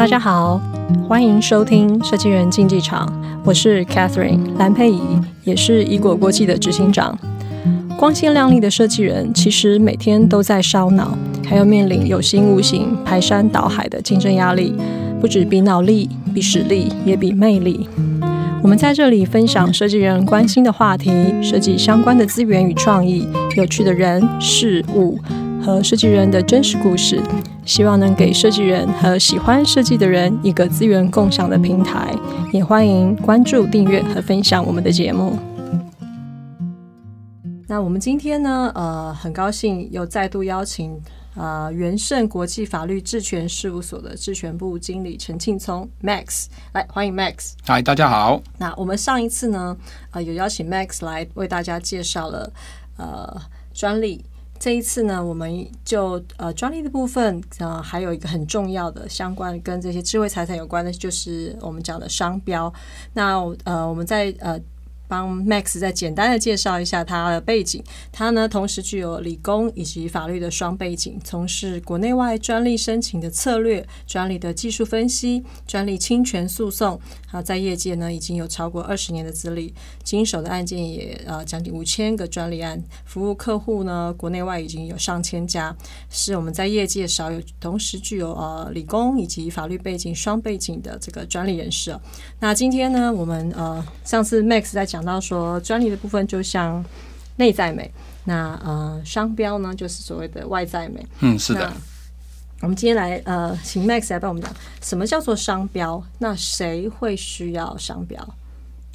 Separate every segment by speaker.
Speaker 1: 大家好，歡迎收聽設計人競技場。我是 Catherine 藍佩怡，也是儀菓國際的執行長。光鮮亮麗的設計人，其實每天都在燒腦，還要面臨有形無形、排山倒海的競爭壓力，不止比腦力、比實力，也比魅力。我們在這裡分享設計人關心的話題，設計相關的資源與創意，有趣的人事物。和設計人的真實故事，希望能給設計人和喜歡設計的人一個資源共享的平台，也歡迎關注、訂閱和分享我們的節目。那我們今天呢，呃，很高興又再度邀請呃元勝國際法律智權事務所的智權部經理陳慶璁 Max。來，歡迎 Max。嗨，大家好。那我們上一次呢，呃，有邀請 Max 來為大家介紹了呃專利。這一次呢，我們就呃專利的部分，呃還有一個很重要的相關跟這些智慧財產有關的，就是我們講的商標。那呃我們在呃。幫 Max 再簡單的介紹一下他的背景。他呢，同時具有理工以及法律的雙背景，從事國內外專利申請的策略、專利的技術分析、專利侵權訴訟。還有、啊、在業界呢，已經有超過二十年的資歷，經手的案件也呃將近五千個專利案，服務客戶呢，國內外已經有上千家，是我們在業界少有同時具有呃理工以及法律背景雙背景的這個專利人士。啊、那今天呢，我們呃上次 Max 在講。講到說專利的部分，就像內在美；那呃，商標呢，就是所謂的外在美。嗯，是的。我們今天來呃，請 Max 來幫我們講什麼叫做商標？那誰會需要商標？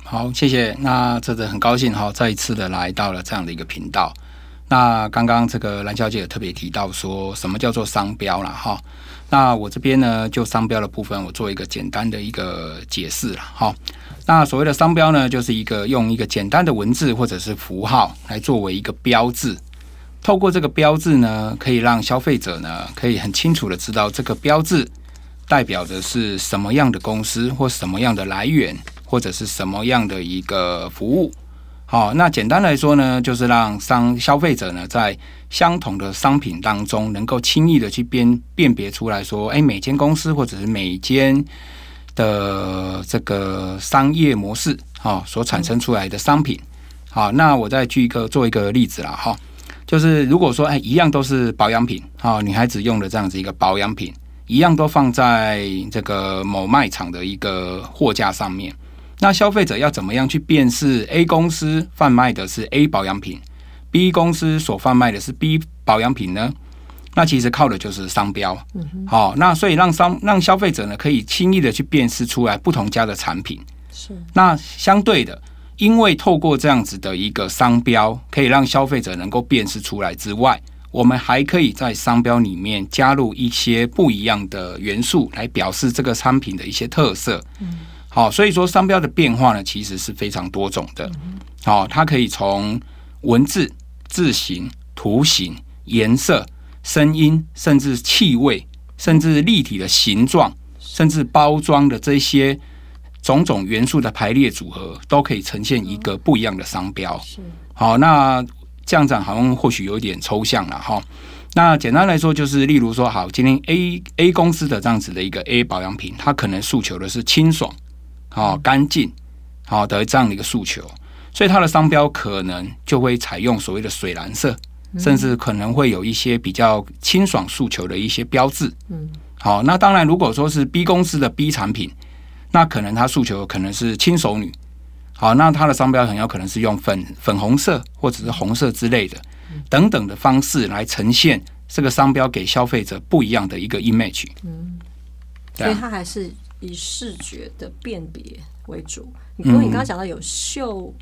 Speaker 2: 好，謝謝。那真的很高興哈、哦，再一次的來到了這樣的一個頻道。那剛剛這個藍小姐有特別提到說什麼叫做商標啦，哈、哦。那我這邊呢，就商標的部分，我做一個簡單的一個解釋了，哈。那所謂的商標呢，就是一個用一個簡單的文字或者是符號來作為一個標誌，透過這個標誌呢，可以讓消費者呢，可以很清楚的知道這個標誌代表的是什麼樣的公司或什麼樣的來源，或者是什麼樣的一個服務。哦，那簡單來說呢，就是讓商消費者呢，在相同的商品當中，能夠輕易的去辨辨別出來說，哎，每間公司或者是每間的這個商業模式，哦，所產生出來的商品，好、嗯哦，那我再舉一個做一個例子啦哈、哦，就是如果說，哎，一樣都是保養品，啊、哦，女孩子用的這樣子一個保養品，一樣都放在這個某賣場的一個貨架上面。那消費者要怎麼樣去辨識 A 公司販賣的是 A 保養品，B 公司所販賣的是 B 保養品呢？那其實靠的就是商標。好、嗯哼哦，那所以讓商讓消費者呢，可以輕易的去辨識出來不同家的產品。是。那相對的，因爲透過這樣子的一個商標，可以讓消費者能夠辨識出來之外，我們還可以在商標裡面加入一些不一樣的元素，來表示這個商品的一些特色。嗯。好，所以說商標的變化呢，其實是非常多種的。好，它可以從文字、字形、圖形、顏色、聲音，甚至氣味，甚至立體的形狀，甚至包裝的這些種種元素的排列組合，都可以呈現一個不一樣的商標。好，那這樣講好像或許有點抽象了哈。那簡單來說，就是例如說，好，今天 A A 公司的這樣子的一個 A 保養品，它可能訴求的是清爽。哦，乾淨，好、哦、的這樣的一個訴求，所以它的商標可能就會採用所謂的水藍色，嗯、甚至可能會有一些比較清爽訴求的一些標誌。嗯，好、哦，那當然，如果說是 B 公司的 B 產品，那可能它訴求可能是輕熟女，好、哦，那它的商標很有可能是用粉粉紅色或者是紅色之類的、嗯、等等的方式來呈現這個商標，給消費者不一樣的一個 image。嗯，
Speaker 1: 所以他還是。以視覺的辨別為主，你不你剛剛講到有嗅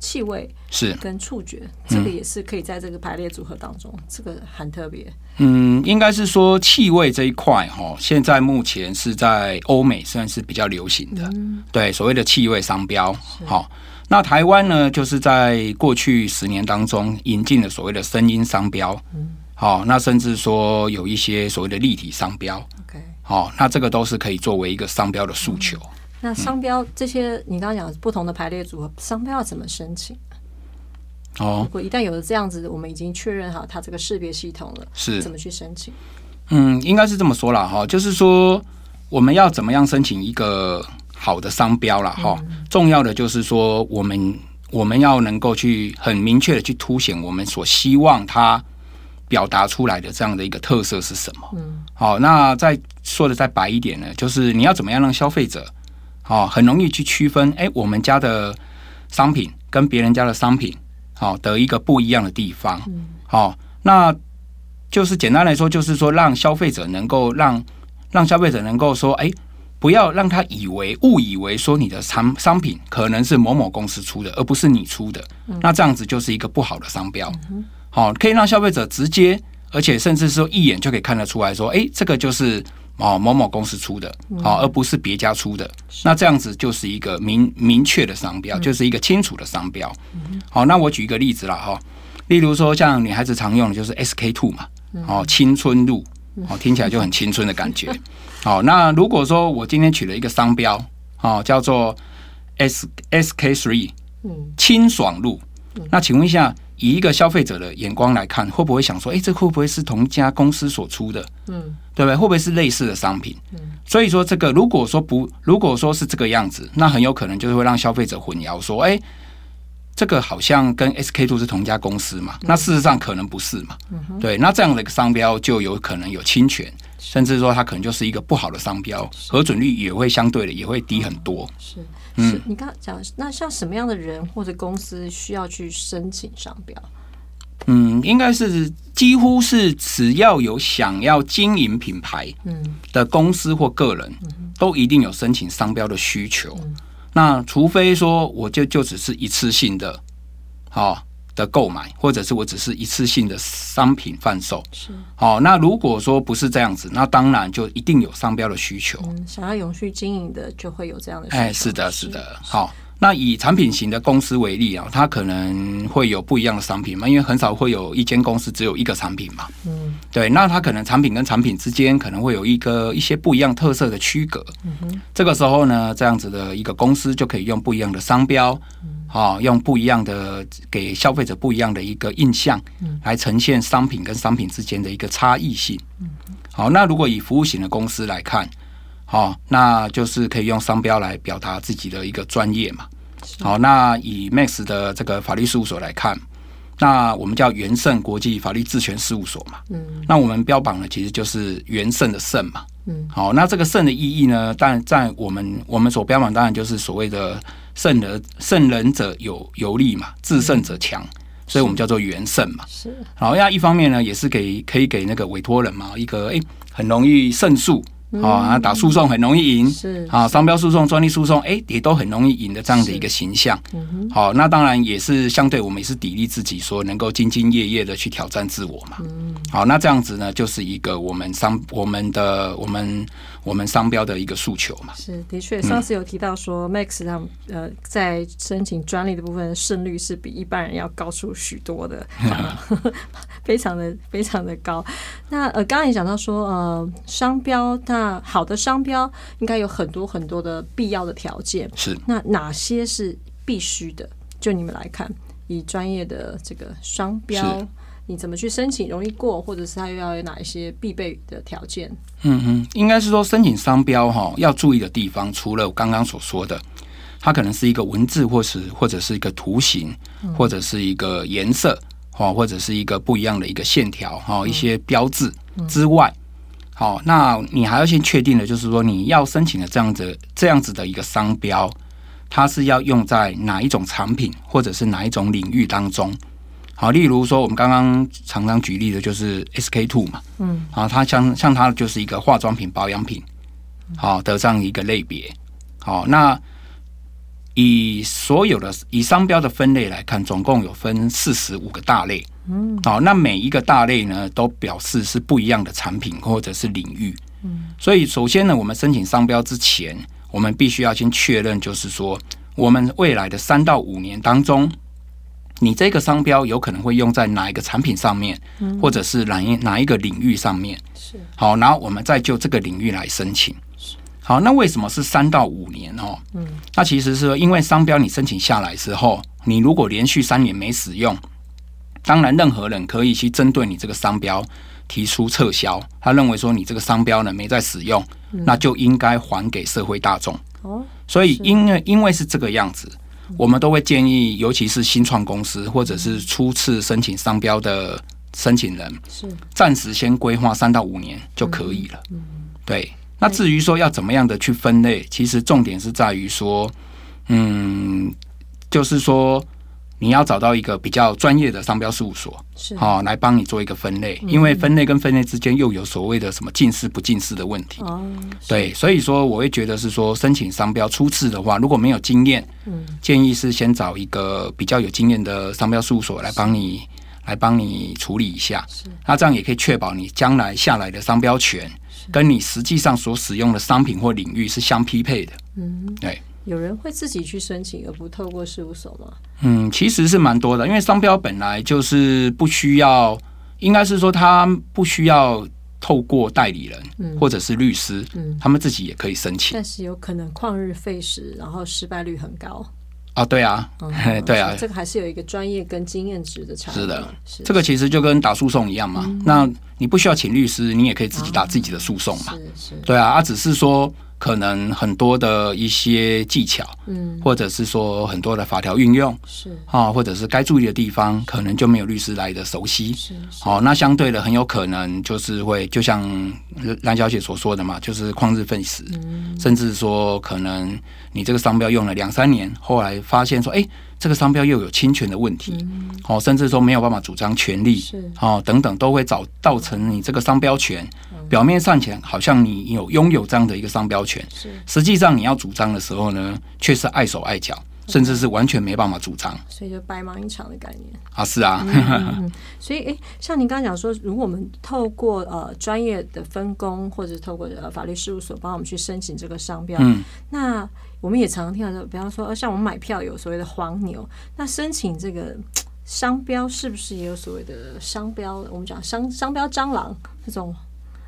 Speaker 1: 氣味是跟觸覺，嗯嗯、這個也是可以在這個排列組合當中，這個很特別。嗯，
Speaker 2: 應該是說氣味這一塊哈，現在目前是在歐美算是比較流行的，嗯、對所謂的氣味商標。好是、哦，那台灣呢，就是在過去十年當中引進了所謂的聲音商標。嗯，好、哦，那甚至說有一些所謂的立體商標。好、哦，那這個都是可以作為一個商標的訴求、嗯。
Speaker 1: 那商標、嗯、這些，你剛剛講的不同的排列組合，商標要怎麼申請？哦，
Speaker 2: 如果
Speaker 1: 一旦有了這樣子，我們已經確認好它這個識別系統了，是怎麼去申請？
Speaker 2: 嗯，應該是這麼說啦哈，就是說我們要怎麼樣申請一個好的商標啦哈？嗯、重要的就是說，我們我們要能夠去很明確的去凸顯我們所希望它表達出來的這樣的一個特色是什麼？嗯，好，那在。說得再白一點呢，就是你要怎麼樣讓消費者，哦，很容易去區分，哎，我們家的商品跟別人家的商品，好、哦、的一個不一樣的地方，好、嗯哦，那就是簡單來說，就是說讓消費者能夠讓讓消費者能夠說，哎，不要讓他以為誤以為說你的產商品可能是某某公司出的，而不是你出的，嗯、那這樣子就是一個不好的商標。好、嗯哼哦，可以讓消費者直接，而且甚至說一眼就可以看得出來說，哎，這個就是。哦，某某公司出的，好，而不是別家出的，那這樣子就是一個明明確的商標，就是一個清楚的商標。好，那我舉一個例子了哈，例如說像女孩子常用的就是 SK2 嘛，哦，青春露，哦，聽起來就很青春的感覺。好，那如果說我今天取了一個商標，哦，叫做 S, SK3，嗯，清爽露，那請問一下。以一個消費者的眼光來看，會不會想說，哎，這會不會是同一家公司所出的？嗯，對不對？會不會是類似的商品？嗯，所以說，這個如果說不，如果說是這個樣子，那很有可能就是會讓消費者混淆，說，哎，這個好像跟 SK two 是同家公司嘛？那事實上可能不是嘛。嗯，對，那這樣的一個商標就有可能有侵權。甚至說它可能就是一個不好的商標，是核准率也會相對的也會低很多。是，嗯是
Speaker 1: 是，你剛，剛講那像什麼樣的人或者公司需要去申請商標？
Speaker 2: 嗯，應該是幾乎是只要有想要經營品牌，的公司或個人，嗯、都一定有申請商標的需求。嗯、那除非說我就就只是一次性的，好、哦。的購買，或者是我只是一次性的商品販售。是，好，那如果說不是這樣子，那當然就一定有商標的需求。嗯，
Speaker 1: 想要永續經營的，就會有這樣的需求。哎，
Speaker 2: 欸，是的，是的，是，好。那以產品型的公司為例啊，它可能會有不一樣的商品嘛，因為很少會有一間公司只有一個產品嘛。嗯，對，那它可能產品跟產品之間可能會有一個一些不一樣特色的區隔。嗯
Speaker 3: 哼，
Speaker 2: 這個時候呢，這樣子的一個公司就可以用不一樣的商標，啊、嗯哦，用不一樣的給消費者不一樣的一個印象，嗯、來呈現商品跟商品之間的一個差異性。嗯哼，好，那如果以服務型的公司來看，啊、哦，那就是可以用商標來表達自己的一個專業嘛。是好，那以 Max 的這個法律事務所來看，那我們叫元勝國際法律智權事務所嘛，嗯，那我們標榜的其實就是元勝的勝嘛，嗯，好，那這個勝的意義呢，當然在我們我們所標榜，當然就是所謂的勝人，勝人者有有力嘛，自勝者強，嗯、所以我們叫做元勝嘛，是，然後要一方面呢，也是給可以給那個委託人嘛，一個誒、欸、很容易勝訴。哦，那打訴訟很容易贏，是，是啊，商標訴訟、專利訴訟，哎、欸，也都很容易贏的這樣的一個形象。好，是、哦，那當然也是相對我們也是砥礪自己，說能夠兢兢業業的去挑戰自我嘛。好、嗯哦，那這樣子呢，就是一個我們商、我們的我們。我們商標的一個訴求嘛，
Speaker 1: 是的確，上次有提到說，嗯，Max 上、呃，在申請專利的部分勝率是比一般人要高出許多的，啊、 非常的非常的高。那呃，剛剛也講到說，呃，商標，那好的商標應該有很多很多的必要的條件，是那哪些是必須的？就你們來看，以專業的這個商標。你怎麼去申請容易過，或者是它又要有哪一些必備的條件？嗯嗯，
Speaker 2: 應該是說申請商標哈、哦，要注意的地方，除了我剛剛所說的，它可能是一個文字，或是或者是一個圖形，嗯、或者是一個顏色，哈、哦，或者是一個不一樣的一個線條，哈、哦，一些標志之外，好、嗯嗯哦，那你還要先確定的，就是說你要申請的這樣子這樣子的一個商標，它是要用在哪一種產品，或者是哪一種領域當中？啊，例如說，我們剛剛常常舉例的就是 SK two 嘛，嗯，啊，它像像它就是一個化妝品保養品，好的這樣一個類別，好，那以所有的以商標的分類來看，總共有分四十五個大類，嗯，好，那每一個大類呢，都表示是不一樣的產品或者是領域，嗯，所以首先呢，我們申請商標之前，我們必須要先確認，就是說，我們未來的三到五年當中，你這個商標有可能會用在哪一個產品上面，或者是哪一哪一個領域上面？是好，然後我們再就這個領域來申請。好，那為什麼是三到五年哦？那其實是說，因為商標你申請下來之後，你如果連續三年沒使用，當然任何人可以去針對你這個商標提出撤銷，他認為說你這個商標呢沒在使用，那就應該還給社會大眾。所以因為因為是這個樣子。我們都會建議，尤其是新創公司或者是初次申請商標的申請人，是暫時先規劃三到五年就可以了。對，那至於說要怎麼樣的去分類，其實重點是在於說，嗯，就是說。你要找到一個比較專業的商標事務所，
Speaker 3: 是、哦、來
Speaker 2: 幫你做一個分類，嗯、因為分類跟分類之間又有所謂的什麼近似不近似的問題，哦、對，所以說我會覺得是說申請商標初次的話，如果沒有經驗，嗯、建議是先找一個比較有經驗的商標事務所來幫你，是來幫你處理一下，是那這樣也可以確保你將來下來的商標權跟你實際上所使用的商品或領域是相匹配的，嗯，對。
Speaker 1: 有人會自己去申請，而不透過事務所嗎？
Speaker 2: 嗯，其實是蠻多的，因為商標本來就是不需要，應該是說他不需要透過代理人或者是律師，嗯嗯、他們自己也可以申請。
Speaker 1: 但是有可能曠日費時，然後失敗率很高。
Speaker 2: 啊，對啊，嗯嗯、對啊，這個
Speaker 1: 還是有一個專業跟經驗值的差。是的，這個其
Speaker 2: 實就跟打訴訟一樣嘛，嗯、那你不需要請律師，你也可以自己打自己的訴訟嘛。啊對啊，他只是說。可能很多的一些技巧，嗯，或者是說很多的法條運用，是啊，或者是該注意的地方，可能就沒有律師來的熟悉，是、是、哦，那相對的，很有可能就是會，就像藍小姐所說的嘛，就是曠日費時，嗯、甚至說可能你這個商標用了兩三年，後來發現說，哎、欸，這個商標又有侵權的問題，嗯，哦，甚至說沒有辦法主張權利，是哦，等等，都會找造成你這個商標權。表面上前好像你有擁有這樣的一個商標權，是實際上你要主張的時候呢，卻是礙手礙腳，嗯、甚至是完全沒辦法主張。
Speaker 1: 所以就白忙一場的概念啊，是啊。嗯嗯嗯、所以，哎、欸，像您剛才講說，如果我們透過呃專業的分工，或者是透過呃法律事務所幫我們去申請這個商標，嗯，那我們也常常聽到說，比方說、呃、像我們買票有所謂的黃牛，那申請這個商標是不是也有所謂的商標？我們講商商標蟑螂這種。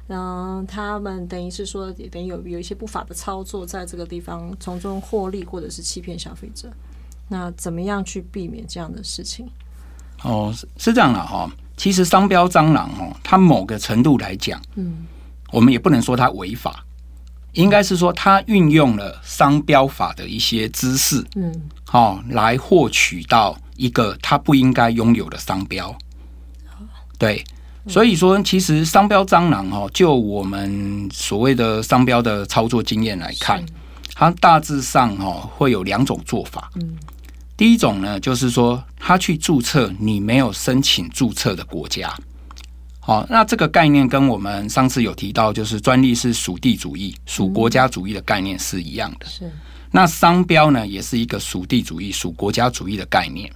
Speaker 1: 嗯，他們等於是說，也等於有有一些不法的操作在這個地方從中獲利，或者是欺騙消費者。那怎麼樣去避免這樣的事情？
Speaker 2: 哦，是這樣的啊，哈。其實商標蟑螂哦，它某個程度來講，嗯，我們也不能說它違法，應該是說它運用了商標法的一些知識，嗯，哈，來獲取到一個它不應該擁有的商標，對。所以說，其實商標蟑螂哈，就我們所謂的商標的操作經驗來看，它大致上哈會有兩種做法。第一種呢，就是說他去註冊你沒有申請註冊的國家。好，那這個概念跟我們上次有提到，就是專利是屬地主義、屬國家主義的概念是一樣的。那商標呢，也是一個屬地主義、屬國家主義的概念。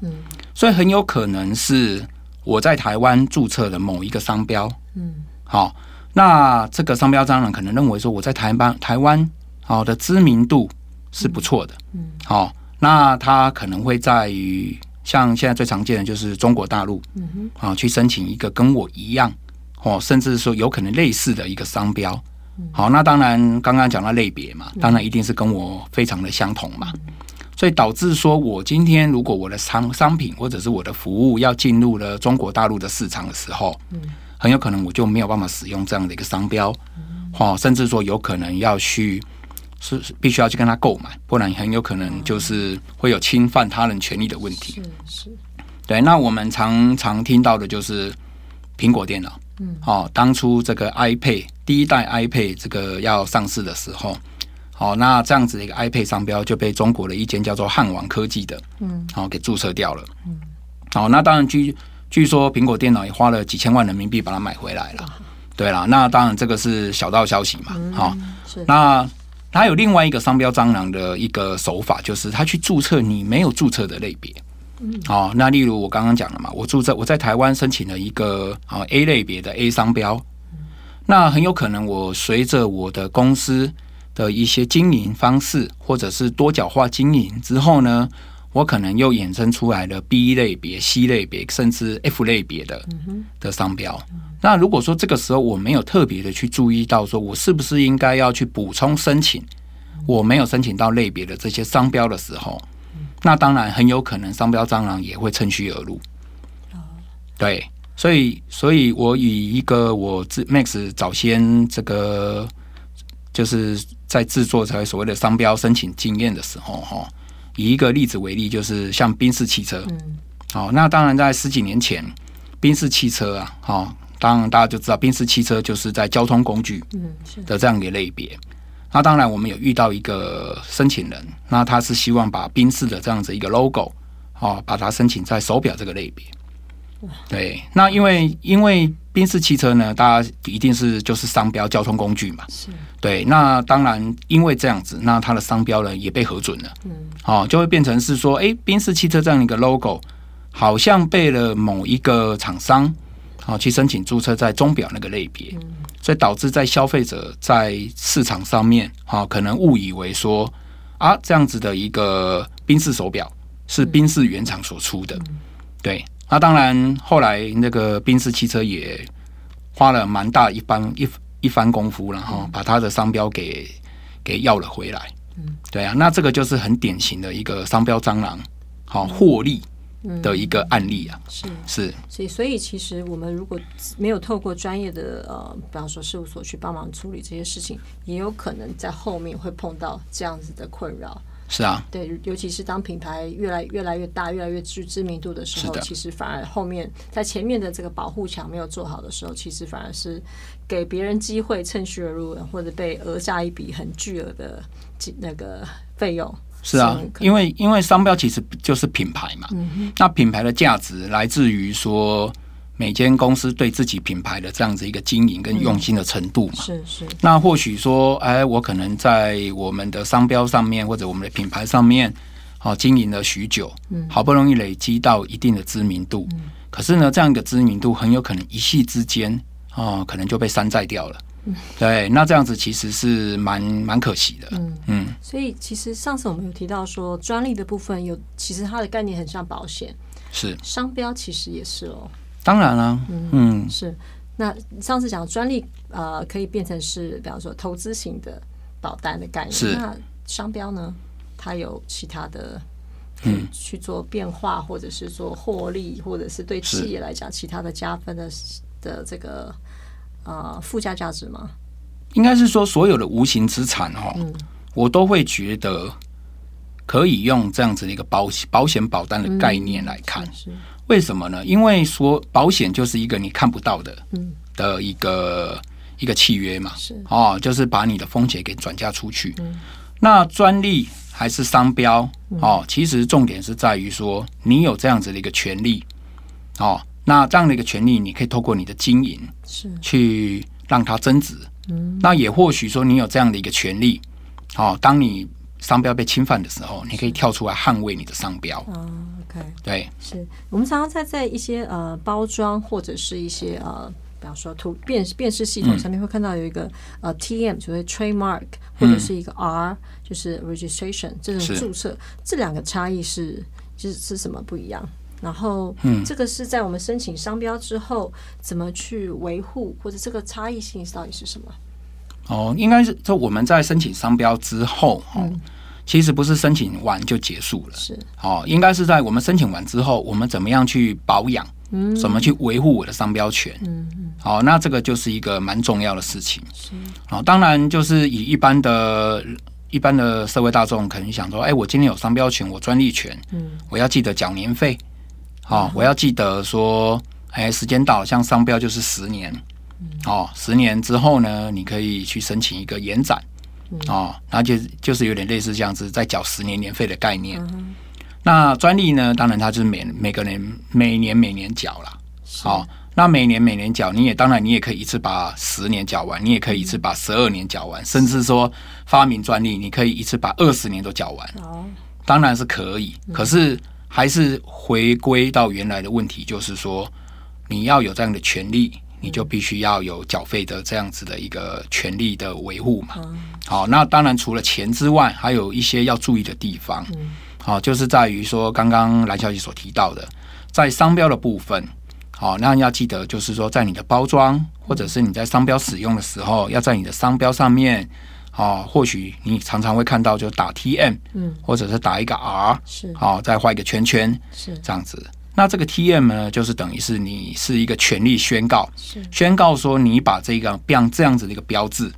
Speaker 2: 所以很有可能是。我在台灣註冊的某一個商標，嗯，好、哦，那這個商標蟑螂可能認為說我在台灣，台灣好的知名度是不錯的，嗯，嗯，好、哦，那他可能會在於像現在最常見的就是中國大陸，
Speaker 3: 嗯
Speaker 2: 哼，啊、哦，去申請一個跟我一樣，哦，甚至說有可能類似的一個商標，好、嗯哦，那當然剛剛講到類別嘛，當然一定是跟我非常的相同嘛。嗯嗯所以導致說，我今天如果我的商商品或者是我的服務要進入了中國大陸的市場的時候，嗯，很有可能我就沒有辦法使用這樣的一個商標，甚至說有可能要去是必須要去跟他購買，不然很有可能就是會有侵犯他人權利的問題。對。那我們常常聽到的就是蘋果電腦，嗯，哦，當初這個 iPad 第一代 iPad 這個要上市的時候。哦，那這樣子的一個 iPad 商標就被中國的一間叫做漢王科技的，嗯，然後、哦、給註冊掉了，好、嗯、哦，那當然據據說蘋果電腦也花了幾千萬人民幣把它買回來了，啊、對啦，那當然這個是小道消息嘛，好，那它有另外一個商標蟑螂的一個手法，就是他去註冊你沒有註冊的類別，
Speaker 3: 嗯、哦，
Speaker 2: 那例如，我剛剛講了嘛，我註冊我在台灣申請了一個啊、哦、A 類別的 A 商標，嗯、那很有可能我隨着我的公司。的一些經營方式，或者是多角化經營之後呢，我可能又衍生出來了 B 類別、C 類別，甚至 F 類別的的商標。嗯、哼那如果說這個時候我沒有特別的去注意到，說我是不是應該要去補充申請，我沒有申請到類別的這些商標的時候，嗯、哼那當然很有可能商標蟑螂也會趁虛而入。嗯、哼對，所以，所以我以一個我自 Max 早先這個。就是在製作才所謂的商標申請經驗的時候，哈，以一個例子為例，就是像賓士汽車，好，那當然在十幾年前，賓士汽車啊，哈，當然大家就知道賓士汽車就是在交通工具的這樣一個類別。那當然我們有遇到一個申請人，那他是希望把賓士的這樣子一個 logo，哦，把它申請在手錶這個類別。對，那因為因為賓士汽車呢，大家一定是就是商標交通工具嘛，是。對，那當然因為這樣子，那它的商標呢也被核准
Speaker 3: 了，
Speaker 2: 嗯、哦，就會變成是說，哎，賓士汽車這樣一個 logo，好像被了某一個廠商啊、哦、去申請註冊在鐘錶那個類別，嗯、所以導致在消費者在市場上面啊、哦，可能誤以為說啊這樣子的一個賓士手錶是賓士原廠所出的，嗯、對。那當然，後來那個賓士汽車也花了蠻大一番一一番功夫，然後把它的商標給給要了回來。嗯，對啊，那這個就是很典型的一個商標蟑螂好獲利
Speaker 1: 的一個案例啊、嗯嗯。是是，所以所以其實我們如果沒有透過專業的呃，比方說事務所去幫忙處理這些事情，也有可能在後面會碰到這樣子的困擾。是啊，對，尤其是當品牌越來越來越大、越來越具知名度的時候，的其實反而後面在前面的這個保護牆沒有做好的時候，其實反而是給別人機會趁虛而入，或者被訛詐一筆很巨額的那個費用。是啊，因
Speaker 2: 為因為商標其實就是品牌嘛，嗯、哼那品牌的價值來自於說。每間公司對自己品牌的這樣子一個經營跟用心的程度嘛，是、嗯、是。是那或許說，哎，我可能在我們的商標上面或者我們的品牌上面，哦、啊，經營了許久，嗯，好不容易累積到一定的知名度，嗯、可是呢，這樣一個知名度很有可能一夕之間，哦、啊，可能就被山寨掉
Speaker 1: 了，
Speaker 2: 嗯，對。那這樣子其實是蠻蠻可惜的，嗯嗯。
Speaker 1: 嗯，所以其實上次我們有提到說，專利的部分有，其實它的概念很像保險，是，商標其實也是哦。
Speaker 2: 當然了、
Speaker 1: 啊，嗯，嗯，是。那上次講專利，呃，可以變成是，比方說投資型的保單的概念。是。那商標呢？它有其他的，嗯，去做變化，或者是做獲利，嗯、或者是對企業來講其他的加分的是的這個呃附加價值嗎？
Speaker 2: 應該是說所有的無形資產哈、哦，嗯、我都會覺得可以用這樣子的一個保保險保單的概念來看。嗯、是。是為什麼呢？因為說保險就是一個你看不到的，
Speaker 3: 嗯，
Speaker 2: 的一個、嗯、一個契約嘛，是哦，就是把你的風險給轉嫁出去。嗯、那專利還是商標、嗯、哦，其實重點是在於說你有這樣子的一個權利哦，那這樣的一個權利，你可以透過你的經營去讓它增值。嗯，那也或許說你有這樣的一個權利哦，當你。商標被侵犯的時候，你可以跳出來捍衛你的商標。o、oh,
Speaker 1: k okay. 對，是我們常常在在一些呃包裝或者是一些呃，比方說圖辨辨識系統、嗯、上面會看到有一個呃 TM，就是 Trademark，或者是一個 R，、嗯、就是 Registration，這是注冊。是這兩個差異是、就是是什麼不一樣？然後，嗯，這個是在我們申請商標之後，怎麼去維護，或者這個差異性到底是什麼？
Speaker 2: 哦，應該是就我們在申請商標之後，哦嗯、其實不是申請完就結束了，是哦，應該是在我們申請完之後，我們怎麼樣去保養，嗯，怎麼去維護我的商標權，嗯，好、嗯哦，那這個就是一個蠻重要的事情，是哦，當然就是以一般的一般的社會大眾可能想說，哎、欸，我今天有商標權，我專利權，嗯，我要記得繳年費，好、哦，嗯、我要記得說，哎、欸，時間到，像商標就是十年。哦，十年之後呢，你可以去申請一個延展、嗯、哦，那就就是有點類似這樣子，在繳十年年費的概念。嗯、那專利呢，當然它就是每每個人每年每年繳了。好是、哦，那每年每年繳，你也當然你也可以一次把十年繳完，你也可以一次把十二年繳完，嗯、甚至說發明專利，你可以一次把二十年都繳完。哦、嗯，當然是可以，可是還是回歸到原來的問題，就是說你要有這樣的權利。你就必須要有繳費的這樣子的一個權利的維護嘛。嗯、好，那當然除了錢之外，還有一些要注意的地方。好、嗯哦，就是在於說剛剛藍小姐所提到的，在商標的部分。好、哦，那你要記得就是說，在你的包裝或者是你在商標使用的時候，嗯、要在你的商標上面，好、哦、或許你常常會看到就打 TM，嗯，或者是打一個 R，是，好、哦，再畫一個圈圈，是這樣子。那這個 TM 呢，就是等於是你是一個權利宣告，是宣告說你把這個像這樣子的一個標誌，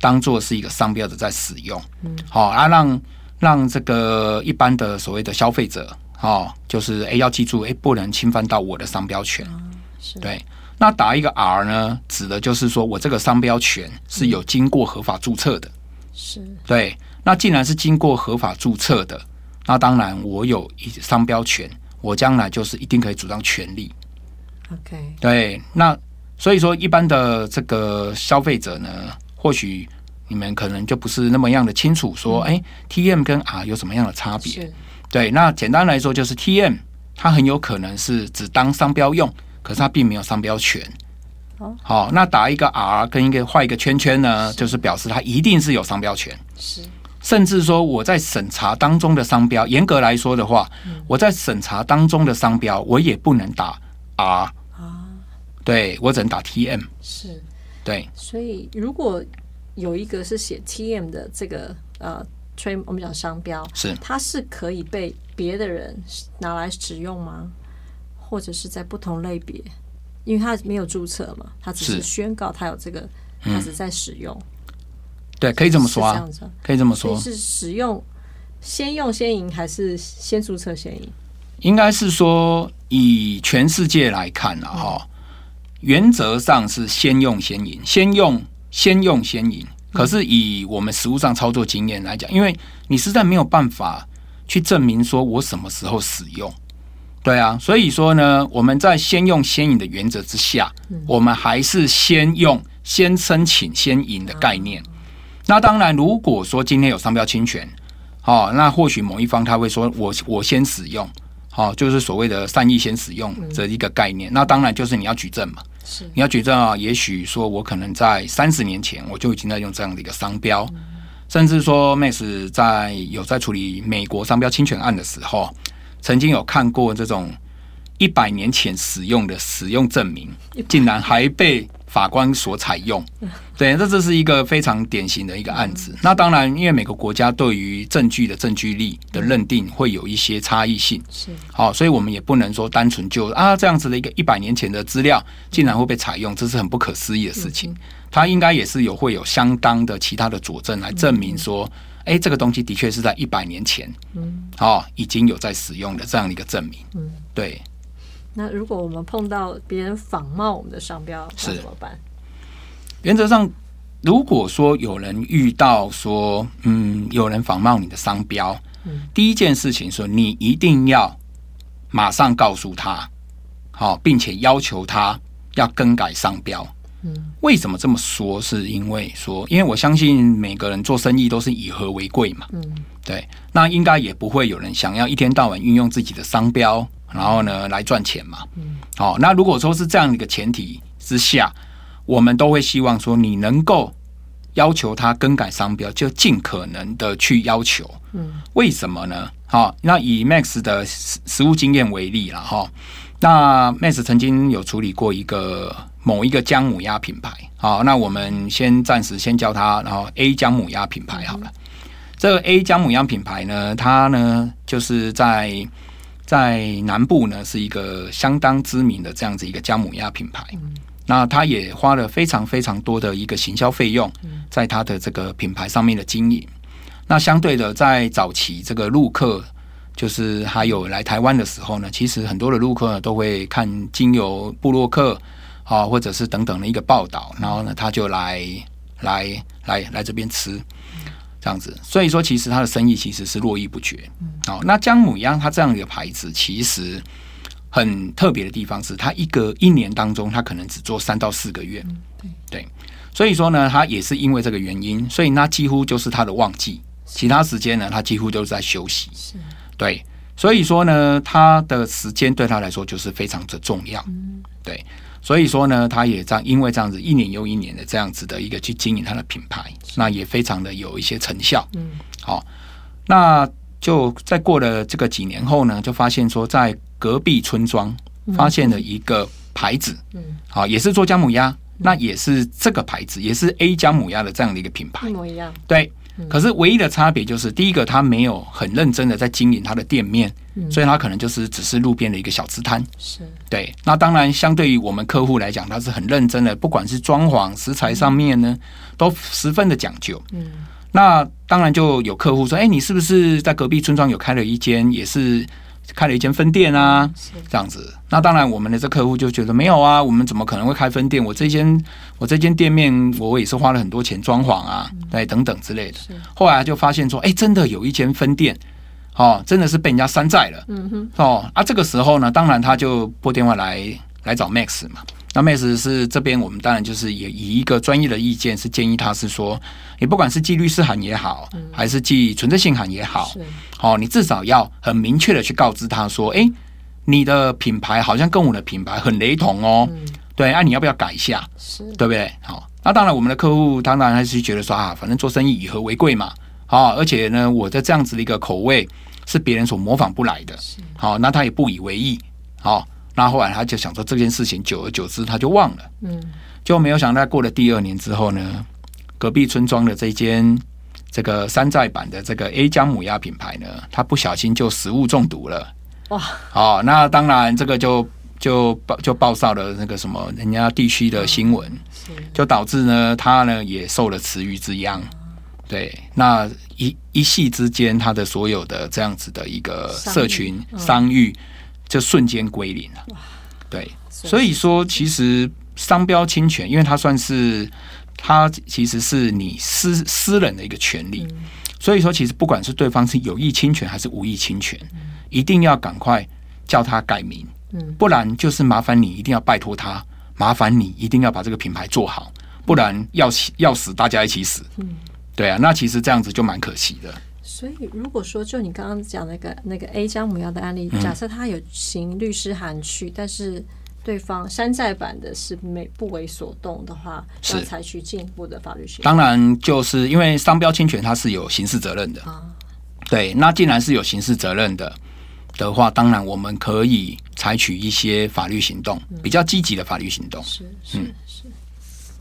Speaker 2: 當做是一個商標的在使用，好、嗯哦、啊讓，讓讓這個一般的所謂的消費者，哦，就是哎、欸，要記住，哎、欸，不能侵犯到我的商標權，啊、是對。那打一個 R 呢，指的就是說我這個商標權是有經過合法注冊的，
Speaker 3: 是、嗯。
Speaker 2: 對，那既然是經過合法注冊的，那當然我有一商標權。我將來就是一定可以主張權利。
Speaker 3: OK，
Speaker 2: 對，那所以說一般的這個消費者呢，或許你們可能就不是那麼樣的清楚說，說、嗯、哎，TM 跟 R 有什麼樣的差別？是對，那簡單來說就是 TM 它很有可能是只當商標用，可是它並沒有商標權。Oh. 哦，好，那打一個 R 跟一個畫一個圈圈呢，是。就是表示它一定是有商標權。是。甚至說我在審查當中的商標，嚴格來說的話，嗯、我在審查當中的商標，我也不能打 R 啊，啊對，我只能打 TM 是，對，
Speaker 1: 所以如果有一個是寫 TM 的這個呃，train，我們講商標是，它是可以被別的人拿來使用嗎？或者是在不同類別，因為它沒有註冊嘛，它只是宣告它有這個，是它是在使用。嗯
Speaker 2: 對，可以這麼說啊，可以這麼說。是
Speaker 1: 使用先用先贏，還是先註冊先贏？
Speaker 2: 應該是說，以全世界來看了、啊。哈、嗯，原則上是先用先贏，先用先用先贏。可是以我們實務上操作經驗來講，嗯、因為你實在沒有辦法去證明說我什麼時候使用，對啊，所以說呢，我們在先用先贏的原則之下，嗯、我們還是先用先申請先贏的概念。嗯嗯那當然，如果說今天有商標侵權，哦，那或許某一方他會說我，我我先使用，哦，就是所謂的善意先使用這一個概念。嗯、那當然就是你要舉證嘛，是你要舉證啊。也許說我可能在三十年前我就已經在用這樣的一個商標，嗯、甚至說 Max 在有在處理美國商標侵權案的時候，曾經有看過這種一百年前使用的使用證明，竟然還被。法官所採用，對，這這是一個非常典型的一個案子。嗯、那當然，因為每個國家對於證據的證據力的認定會有一些差異性，是好、哦，所以我們也不能說單純就啊這樣子的一個一百年前的資料竟然會被採用，嗯、這是很不可思議的事情。他、嗯、應該也是有會有相當的其他的佐證來證明說，嗯、誒這個東西的確是在一百年前，
Speaker 1: 嗯、
Speaker 2: 哦，已經有在使用的這樣一個證明，嗯、對。
Speaker 1: 那如果我們碰到
Speaker 2: 別人仿冒我們的商標，是怎麼辦？原則上，如果說有人遇到說，嗯，有人仿冒你的商標，嗯，第一件事情說，你一定要馬上告訴他，好、哦，並且要求他要更改商標。嗯，為什麼這麼說？是因為說，因為我相信每個人做生意都是以和為貴嘛。嗯，對，那應該也不會有人想要一天到晚運用自己的商標。然後呢，來賺錢嘛。嗯，好、哦，那如果說是這樣一個前提之下，我們都會希望說你能夠要求他更改商標，就盡可能的去要求。嗯，為什麼呢？好、哦，那以 Max 的實務經驗為例了哈、哦。那 Max 曾經有處理過一個某一個薑母鴨品牌。好、哦，那我們先暫時先叫他然後 A 薑母鴨品牌好了。嗯、這個 A 薑母鴨品牌呢，它呢就是在。在南部呢，是一個相當知名的這樣子一個薑母鴨品牌。嗯、那他也花了非常非常多的一個行銷費用，在他的這個品牌上面的經營。嗯、那相對的，在早期這個陸客，就是還有來台灣的時候呢，其實很多的陸客呢都會看經由部落客啊，或者是等等的一個報道，然後呢他就來來來來這邊吃。這樣子，所以說其實他的生意其實是絡繹不絕。嗯、哦，那薑母鴨它這樣一個牌子，其實很特別的地方是，它一個一年當中，它可能只做三到四個月。嗯、對，對，所以說呢，它也是因為這個原因，所以那幾乎就是它的旺季，是其他時間呢，它幾乎都是在休息。是對，所以說呢，它的時間對他來說就是非常的重要。嗯、對。所以說呢，他也在因為這樣子一年又一年的這樣子的一個去經營他的品牌，那也非常的有一些成效。嗯，好、哦，那就在過了這個幾年後呢，就發現說在隔壁村莊發現了一個牌子，嗯，好、哦，也是做薑母鴨，嗯、那也是這個牌子，也是 A 薑母鴨的這樣的一個品
Speaker 3: 牌，一模一樣。
Speaker 2: 對，可是唯一的差別就是，第一個他沒有很認真的在經營他的店面。嗯、所以它可能就是只是路邊的一個小吃攤，是對。那當然，相對於我們客戶來講，它是很認真的，不管是裝潢、食材上面呢，嗯、都十分的講究。嗯，那當然就有客戶說：“哎、欸，你是不是在隔壁村莊有開了一間，也是開了一間分店啊？”嗯、是這樣子。那當然，我們的這客戶就覺得沒有啊，我們怎麼可能會開分店？我這間我這間店面，我也是花了很多錢裝潢啊，嗯、對，等等之類的。是後來就發現說：“哎、欸，真的有一間分店。”哦，真的是被人家山寨
Speaker 3: 了。
Speaker 2: 嗯、哼哦，那、啊、這個時候呢，當然他就撥電話來來找 Max 嘛。那 Max 是這邊，我們當然就是也以一個專業的意見，是建議他是說，你不管是寄律師函也好，還是寄存證信函也好，嗯、哦，你至少要很明確的去告知他說，哎、欸，你的品牌好像跟我的品牌很雷同哦。嗯、對，哎、啊，你要不要改一下？是，對不對？好、哦，那當然，我們的客戶當然還是覺得說啊，反正做生意以和為貴嘛。啊、哦，而且呢，我的這樣子的一個口味。是別人所模仿不來的，好，是、哦，那他也不以為意，好，哦，那後來他就想說，這件事情，久而久之他就忘
Speaker 3: 了，
Speaker 2: 嗯，就沒有想到過了第二年之後呢，隔壁村莊的這間這個山寨版的這個 A 薑母鴨品牌呢，他不小心就食物中毒
Speaker 3: 了，
Speaker 2: 哇，哦，那當然這個就就、就爆就爆上了那個什麼人家地區的新聞，嗯、是就導致呢他呢也受了池魚之殃。哦對，那一一夕之間，他的所有的這樣子的一個社群商譽譽，商譽就瞬間歸零了。哇對，所以說其實商標侵權，因為它算是它其實是你私私人的一個權利。嗯、所以說，其實不管是對方是有意侵權還是無意侵權，嗯、一定要趕快叫他改名，嗯、不然就是麻煩你一定要拜托他，麻煩你一定要把這個品牌做好，不然要要死，大家一起死。嗯對啊，那其實這樣子就蠻可惜的。
Speaker 1: 所以，如果說就你剛剛講那個那個 A 加母幺的案例，假設他有行律師函去，嗯、但是對方山寨版的是沒不為所動的話，是要採取進一步的法律行動。
Speaker 2: 當然，就是因為商標侵權，它是有刑事責任的。啊、對，那既然是有刑事責任的的話，當然我們可以採取一些法律行動，嗯、比較積極的法律行動。是，
Speaker 1: 是，嗯、是。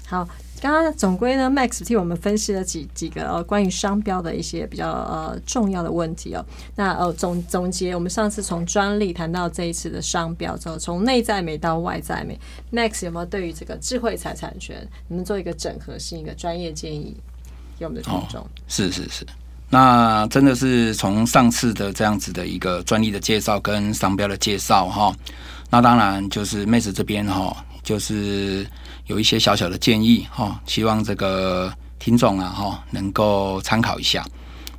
Speaker 1: 好，剛剛總歸呢，Max 替我們分析了幾幾個、哦、關於商標的一些比較呃重要的問題哦。那呃，總總結我們上次從專利談到這一次的商標之後，從內在美到外在美，Max 有沒有對於這個智慧財產權，權，你們做一個整合性一個專業建議給我們的聽眾、
Speaker 2: 哦？是是是，那真的是從上次的這樣子的一個專利的介紹跟商標的介紹哈、哦，那當然就是 Max 這邊哈、哦，就是。有一些小小的建議，哈、哦，希望這個聽眾啊，哈、哦，能夠參考一下。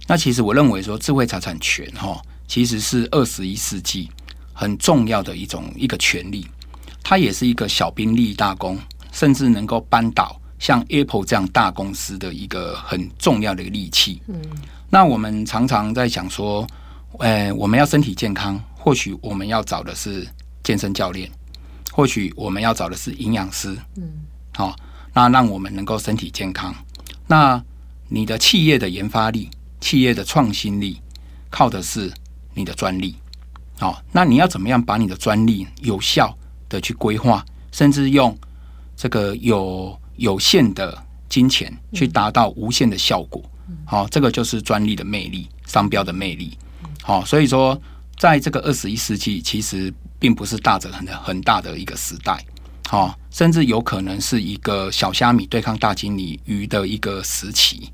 Speaker 2: 那其實我認為說，智慧財產權，哈、哦，其實是二十一世紀很重要的一種一個權利。它也是一個小兵立大功，甚至能夠扳倒像 Apple 這樣大公司的一個很重要的一個利器。嗯，那我們常常在想說，呃，我們要身體健康，或許我們要找的是健身教練。或許我們要找的是營養師，嗯，好、哦，那讓我們能夠身體健康。那你的企業的研發力、企業的創新力，靠的是你的專利，好、哦，那你要怎麼樣把你的專利有效的去規劃，甚至用這個有有限的金錢去達到無限的效果？好、嗯哦，這個就是專利的魅力，商標的魅力。好、嗯哦，所以說，在這個二十一世紀，其實。並不是大着很的很大的一個時代、哦，甚至有可能是一個小蝦米對抗大鯨魚的一個時期。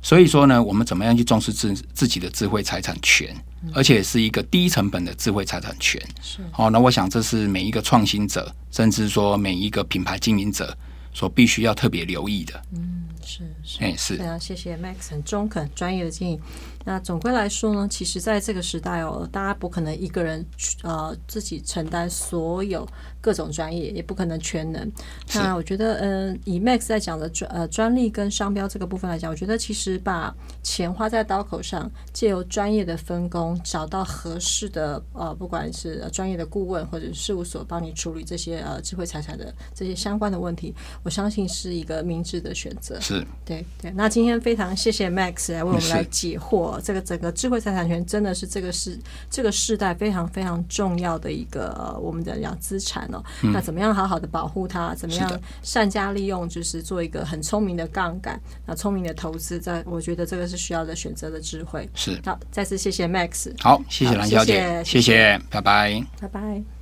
Speaker 2: 所以說呢，我們怎麼樣去重視自自己的智慧財產權，而且是一個低成本的智慧財產權？嗯哦、是。好、嗯，那我想這是每一個創新者，甚至說每一個品牌經營者所必須要特別留意的。
Speaker 1: 嗯，是是哎、嗯、是，是。對是謝謝 Max，很中肯、專業的建議。那總歸來說呢，其實在這個時代哦，大家不可能一個人呃自己承擔所有各種專業，也不可能全能。那我覺得，嗯，以 Max 在講的專呃專利跟商標這個部分來講，我覺得其實把錢花在刀口上，借由專業的分工，找到合適的呃，不管是專業的顧問或者事務所幫你處理這些呃智慧財產的這些相關的問題，我相信是一個明智的選擇。是，對對。那今天非常謝謝 Max 來為我們來解惑。這個整個智慧財產權，權真的是這個是這個世代非常非常重要的一個、呃、我們的資產哦。嗯、那怎麼樣好好的保護它？怎麼樣善加利用？就是做一個很聰明的槓桿，那的、啊、聰明的投資，在我覺得這個是需要的選擇的智慧。是。好，再次謝謝 Max。好，謝謝藍小姐，謝謝，拜拜，拜拜。